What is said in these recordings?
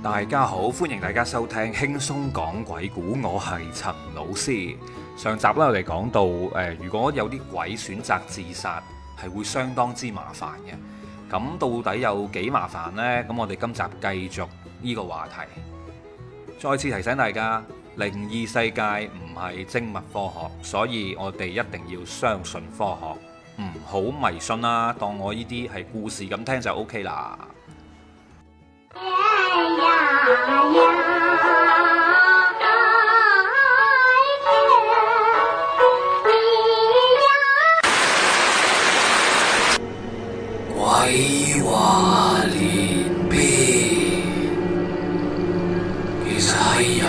大家好，歡迎大家收聽輕鬆講鬼故。我係陳老師。上集啦，我哋講到，誒、呃，如果有啲鬼選擇自殺，係會相當之麻煩嘅。咁到底有幾麻煩呢？咁我哋今集繼續呢個話題。再次提醒大家，靈異世界唔係精密科學，所以我哋一定要相信科學，唔好迷信啦，當我呢啲係故事咁聽就 OK 啦。 鬼話連篇，其實係人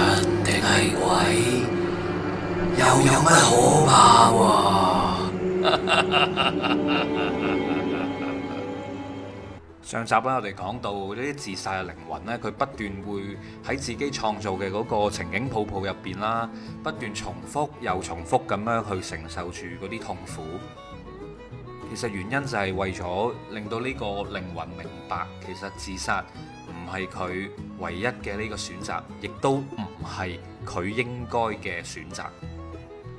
定係鬼，又有乜可怕喎？ 上集喺我哋講到呢啲自殺嘅靈魂呢，佢不斷會喺自己創造嘅嗰個情景泡泡入邊啦，不斷重複又重複咁樣去承受住嗰啲痛苦。其實原因就係為咗令到呢個靈魂明白，其實自殺唔係佢唯一嘅呢個選擇，亦都唔係佢應該嘅選擇。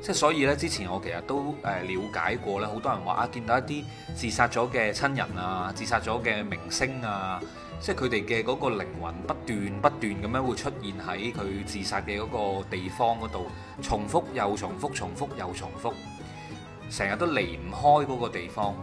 即係所以咧，之前我其實都誒了解過咧，好多人話啊，見到一啲自殺咗嘅親人啊，自殺咗嘅明星啊，即係佢哋嘅嗰個靈魂不斷不斷咁樣會出現喺佢自殺嘅嗰個地方嗰度，重複又重複，重複又重複，成日都離唔開嗰個地方。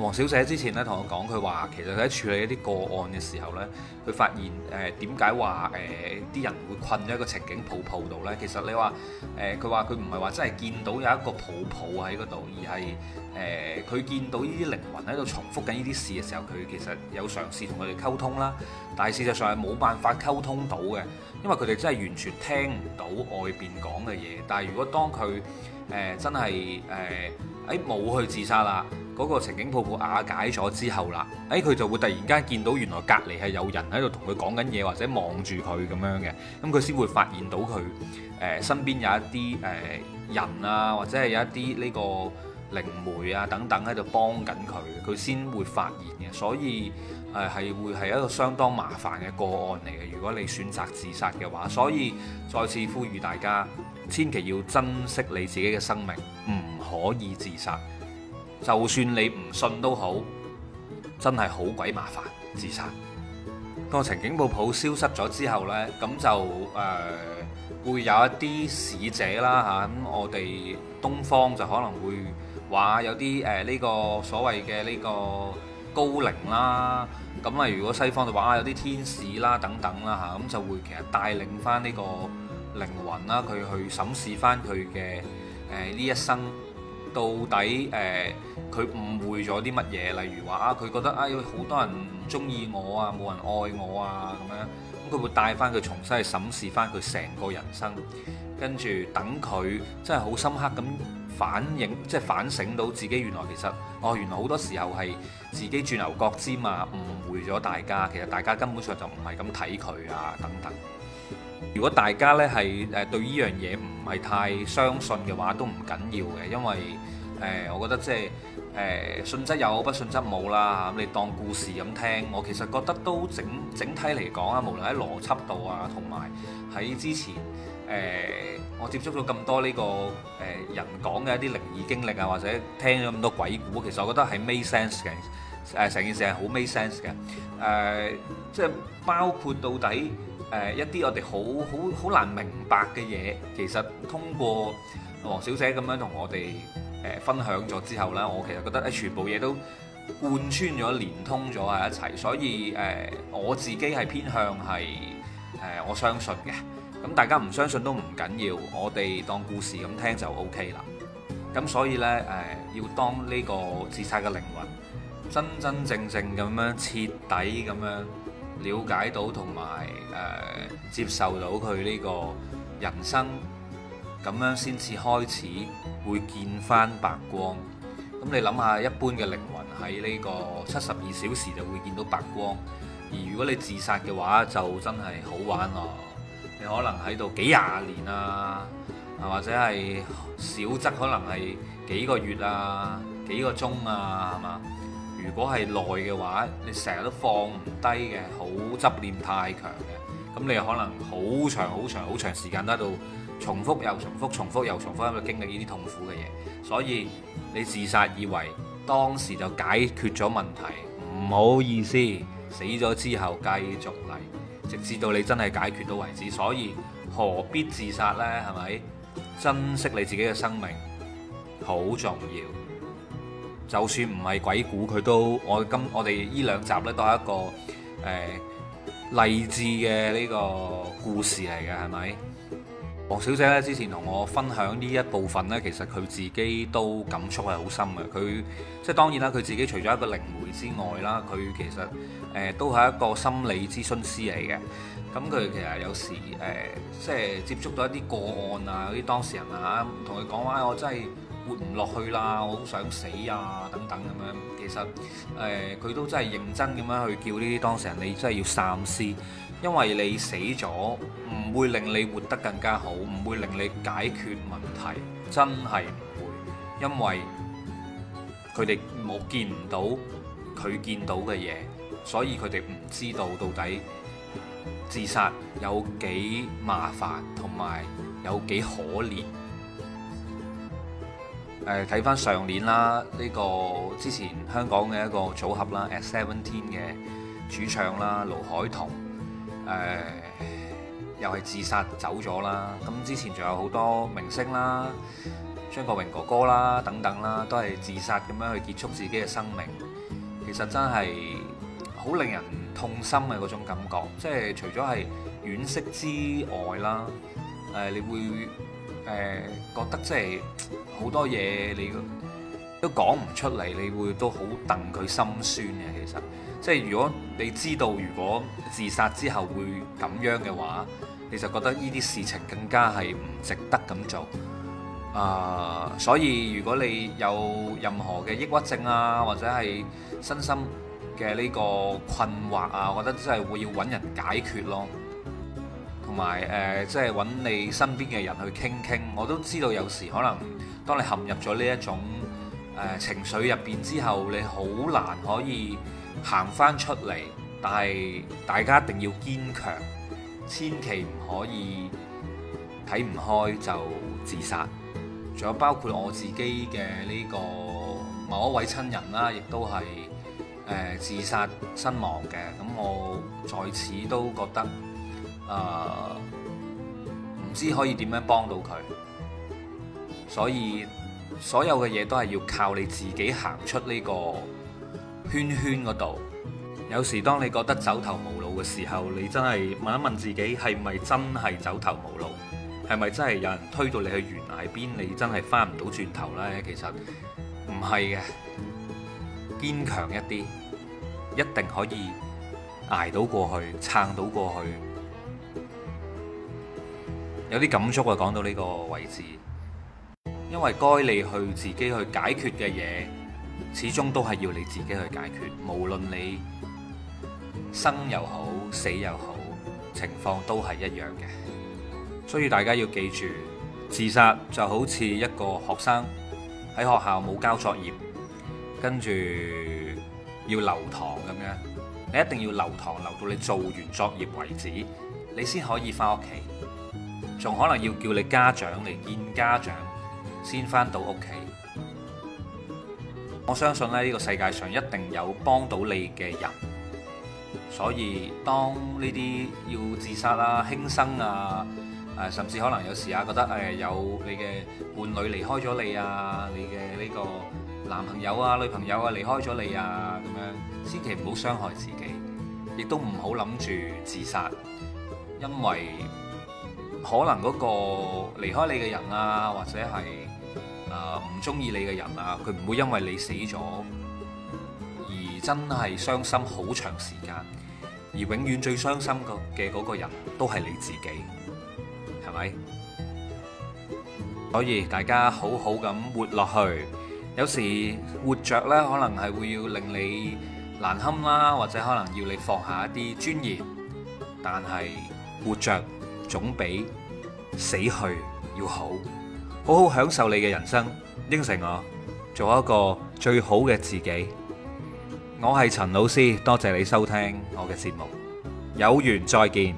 黃小姐之前咧同我講，佢話其實佢喺處理一啲個案嘅時候呢，佢發現誒點解話誒啲人會困咗喺一個情景泡泡度呢？其實你話誒，佢話佢唔係話真係見到有一個泡泡喺嗰度，而係誒佢見到呢啲靈魂喺度重複緊呢啲事嘅時候，佢其實有嘗試同佢哋溝通啦。但係事實上係冇辦法溝通到嘅，因為佢哋真係完全聽唔到外邊講嘅嘢。但係如果當佢誒、呃、真係誒誒冇去自殺啦。嗰個情景泡泡瓦解咗之後啦，誒、哎、佢就會突然間見到原來隔離係有人喺度同佢講緊嘢，或者望住佢咁樣嘅，咁佢先會發現到佢誒、呃、身邊有一啲誒、呃、人啊，或者係有一啲呢個靈媒啊等等喺度幫緊佢，佢先會發現嘅。所以誒係、呃、會係一個相當麻煩嘅個案嚟嘅。如果你選擇自殺嘅話，所以再次呼籲大家千祈要珍惜你自己嘅生命，唔可以自殺。就算你唔信都好，真係好鬼麻煩。自殺當情景報報消失咗之後呢，咁就誒、呃、會有一啲使者啦嚇，咁、啊、我哋東方就可能會話有啲誒呢個所謂嘅呢個高靈啦，咁啊如果西方就話有啲天使啦等等啦嚇，咁、啊、就會其實帶領翻呢個靈魂啦，佢去審視翻佢嘅誒呢一生。到底誒佢誤會咗啲乜嘢？例如話啊，佢覺得啊，好多人唔中意我啊，冇人愛我啊咁樣。咁佢會帶翻佢重新去審視翻佢成個人生，跟住等佢真係好深刻咁反映，即係反省到自己原來其實哦，原來好多時候係自己轉牛角尖啊，誤會咗大家。其實大家根本上就唔係咁睇佢啊，等等。如果大家呢係誒對呢樣嘢唔係太相信嘅話，都唔緊要嘅，因為誒、呃，我覺得即係誒、呃，信則有，不信則冇啦。你當故事咁聽，我其實覺得都整整體嚟講啊，無論喺邏輯度啊，同埋喺之前誒、呃，我接觸咗咁多呢、這個誒、呃、人講嘅一啲靈異經歷啊，或者聽咗咁多鬼故，其實我覺得係 make sense 嘅，誒成件事係好 make sense 嘅，誒、呃、即係包括到底。誒、呃、一啲我哋好好好難明白嘅嘢，其實通過黃、哦、小姐咁樣同我哋誒、呃、分享咗之後呢，我其實覺得咧，全部嘢都貫穿咗、連通咗喺一齊，所以誒、呃、我自己係偏向係誒、呃、我相信嘅。咁大家唔相信都唔緊要，我哋當故事咁聽就 OK 啦。咁所以呢，誒、呃、要當呢個自殺嘅靈魂，真真正正咁樣徹底咁樣。了解到同埋誒接受到佢呢個人生咁樣先至開始會見返白光。咁你諗下，一般嘅靈魂喺呢個七十二小時就會見到白光，而如果你自殺嘅話，就真係好玩咯、哦。你可能喺度幾廿年啊，或者係少則可能係幾個月啊，幾個鐘啊，係嘛？如果係耐嘅話，你成日都放唔低嘅，好執念太強嘅，咁你可能好長好長好長時間都喺度重複又重複，重複又重複喺度經歷呢啲痛苦嘅嘢。所以你自殺以為當時就解決咗問題，唔好意思，死咗之後繼續嚟，直至到你真係解決到為止。所以何必自殺呢？係咪？珍惜你自己嘅生命好重要。就算唔係鬼故，佢都我今，我哋呢兩集咧都係一個誒勵志嘅呢個故事嚟嘅，係咪？黃小姐咧之前同我分享呢一部分咧，其實佢自己都感觸係好深嘅。佢即係當然啦，佢自己除咗一個靈媒之外啦，佢其實誒、呃、都係一個心理諮詢師嚟嘅。咁佢其實有時誒、呃、即係接觸到一啲個案啊，嗰啲當事人啊，同佢講話，我真係～活唔落去啦！我好想死啊，等等咁樣。其實，誒、呃，佢都真係認真咁樣去叫呢啲當事人，你真係要三思，因為你死咗唔會令你活得更加好，唔會令你解決問題，真係唔會，因為佢哋冇見唔到佢見到嘅嘢，所以佢哋唔知道到底自殺有幾麻煩同埋有幾可憐。誒睇翻上年啦，呢、這個之前香港嘅一個組合啦，At Seventeen 嘅主唱啦，盧凱彤，誒、呃、又係自殺走咗啦。咁之前仲有好多明星啦，張國榮哥哥啦等等啦，都係自殺咁樣去結束自己嘅生命。其實真係好令人痛心嘅嗰種感覺，即係除咗係惋惜之外啦，誒、呃、你會。誒、呃、覺得即係好多嘢你都講唔出嚟，你會都好戥佢心酸嘅。其實，即係如果你知道如果自殺之後會咁樣嘅話，你就覺得呢啲事情更加係唔值得咁做啊、呃！所以如果你有任何嘅抑鬱症啊，或者係身心嘅呢個困惑啊，我覺得真係會要揾人解決咯。同埋誒，即係揾你身邊嘅人去傾傾。我都知道有時可能，當你陷入咗呢一種誒、呃、情緒入邊之後，你好難可以行翻出嚟。但係大家一定要堅強，千祈唔可以睇唔開就自殺。仲有包括我自己嘅呢個某一位親人啦、啊，亦都係誒、呃、自殺身亡嘅。咁我在此都覺得。誒唔、uh, 知可以點樣幫到佢，所以所有嘅嘢都係要靠你自己行出呢個圈圈嗰度。有時當你覺得走投無路嘅時候，你真係問一問自己，係咪真係走投無路？係咪真係有人推到你去懸崖邊，你真係翻唔到轉頭呢？其實唔係嘅，堅強一啲，一定可以捱到過去，撐到過去。有啲感觸，啊！講到呢個位置，因為該你去自己去解決嘅嘢，始終都係要你自己去解決，無論你生又好，死又好，情況都係一樣嘅。所以大家要記住，自殺就好似一個學生喺學校冇交作業，跟住要留堂咁樣，你一定要留堂留到你做完作業為止，你先可以翻屋企。仲可能要叫你家長嚟見家長先翻到屋企。我相信咧，呢個世界上一定有幫到你嘅人。所以，當呢啲要自殺啊、輕生啊，誒、啊，甚至可能有時啊覺得誒、呃、有你嘅伴侶離開咗你啊，你嘅呢個男朋友啊、女朋友啊離開咗你啊，咁樣千祈唔好傷害自己，亦都唔好諗住自殺，因為，可能嗰個離開你嘅人啊，或者係啊唔中意你嘅人啊，佢唔會因為你死咗而真係傷心好長時間，而永遠最傷心嘅嗰個人都係你自己，係咪？所以大家好好咁活落去，有時活着呢，可能係會要令你難堪啦，或者可能要你放下一啲尊嚴，但係活着，總比死去要好，好好享受你嘅人生。應承我，做一個最好嘅自己。我係陳老師，多謝你收聽我嘅節目，有緣再見。